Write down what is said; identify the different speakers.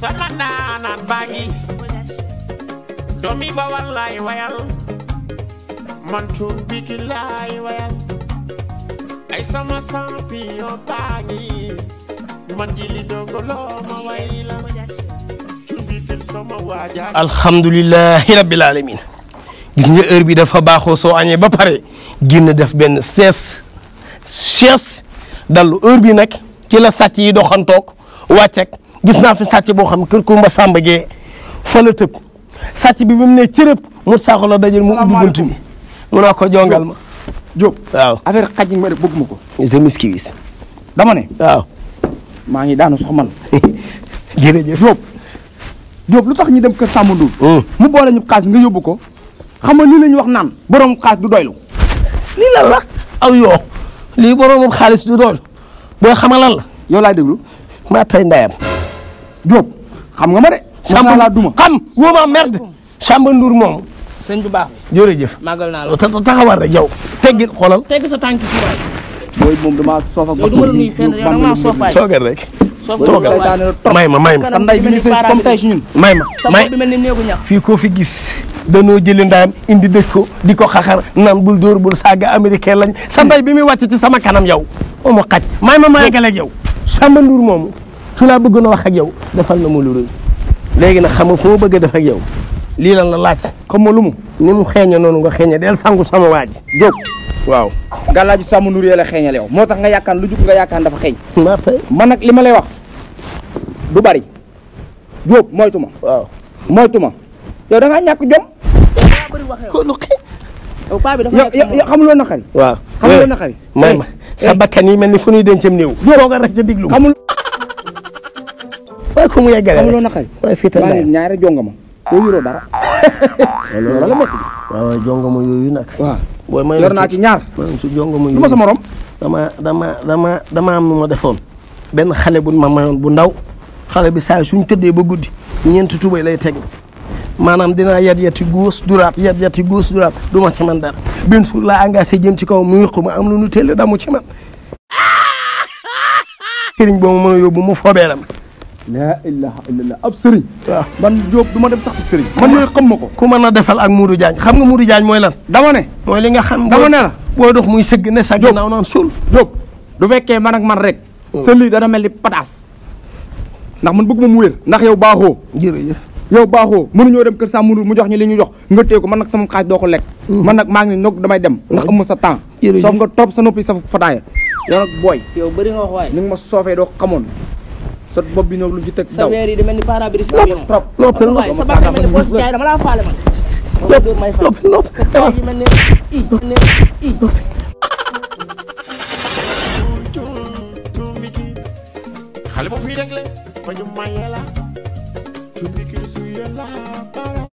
Speaker 1: sama ndaanaan baa ngi doomi Bawal laay wayal man cuur biki laay wayal ay sama champion baa ngi man jili dongoloo ma way la cuur bikil rabbil alamin gis nga heure bi dafa baaxoo soo añee ba pare génn def benn sees sees dallu heure bi nag ci la sàcc yi doxantoog wàccek gis naa fi sàcc boo xam kër Kumba Samba Gueye fa la tëb sàcc bi bi mu ne cërëb mu saako la dajal mu ubbi bunt bi mu ko jongal ma. Diop waaw affaire xaj yi ma def ko. je m'excuse. dama ne. waaw. maa ngi daanu sax lu tax ñu dem kër Samba Ndour. Hmm. mu boole ñu xaas nga yóbbu ko. xam nga lii la ñu wax naan borom xaas du doylu. lii lan la aw yoo lii boromam xaalis du doylu booy xamalal la. yow laa déglu ma tay Diop xam nga ma de. Samba laa duma xam woo ma merde. Samba Ndour moomu. sëñ bu baax bi jërëjëf. màggal naa la taxawal rek yow. teggil xoolal tegg sa tànk ci waay. booy rek. toogal may ma may ma. sa ndey ma may bi mel ni fii koo fi gis. danoo jëli ndayam indi dëj ko di ko xaxar naan bul dóor bul saaga américain lañ sa ndey hmm. bi muy wàcc ci sama kanam yow. omo xaj may ma may galeeg yow Samba moomu su laa bëggoon a wax ak yow defal na mu lu rëy léegi nag xam nga fu ma bëgg a def ak yow lii lan la laaj xam ma lu mu ni mu xeeñe noonu nga xeeñe del sangu sama waa ji waaw waaw gàllaaju sàmm nur la xeeñal yow moo tax nga yàkkaan lu jug nga yàkkaan dafa xeeñ man nag li ma lay wax du bari jóob moytu ma waaw moytu yow da ngaa ñàkk jom yow xamuloo naqari waaw xamuloo eh. naqari may ma eh. sa bakkan yi mel ni fu ñuy dencam néew toogal rek ca diglu waaye ku mu yeggale amuloo waaye fii tam ñaari jongama doo yoroo dara loolu la métti waaw jongama yooyu nag waaw booy may yor naa ci ñaar su jongama yooyu ma sa morom dama dama dama dama am nu ma defoon benn xale bu ma mayoon bu ndaw xale bi saa suñ tëddee ba guddi ñeenti tubay lay teg maanaam dinaa yat yati góos duraat yat yati góos duraat du ma ci man dara benn suur laa engagé jëm ci kaw mu yëqu ma am lu nu teel damu ci man sëriñ boobu mën a yóbbu mu fobeeram la ilaha illallah ab sëriñ man Diop du ma dem sax si sëriñ man yooyu xam ma ko ku mën a defal ak Modou Diagne xam nga Modou jaañ mooy lan dama ne mooy li nga xam dama ne la boo dox muy sëgg ne sa ginnaaw naan suul Diop du fekkee man ak man rek mm. sa lii dana mel ni pataas ndax man bëgg ma mu ndax yow baaxoo jërëjëf yow baaxoo mënuñoo dem kër sa mënul mu jox ñu li ñu jox nga ko man nag sama xaaj doo ko lekk mm. man maa ngi ne damay dem ndax mm. am sa temps soof nga trop sa noppi sa fataaya yow nag booy yow bëri nga wax waay ni nga ma soofee doo xamoon sa bopp bi ñoom lu ci teg daw sa weer yi di mel ni pare-brise trop noppal noppal sa bakkan mel ni bos faale man noppal noppal noppal sa yi mel ni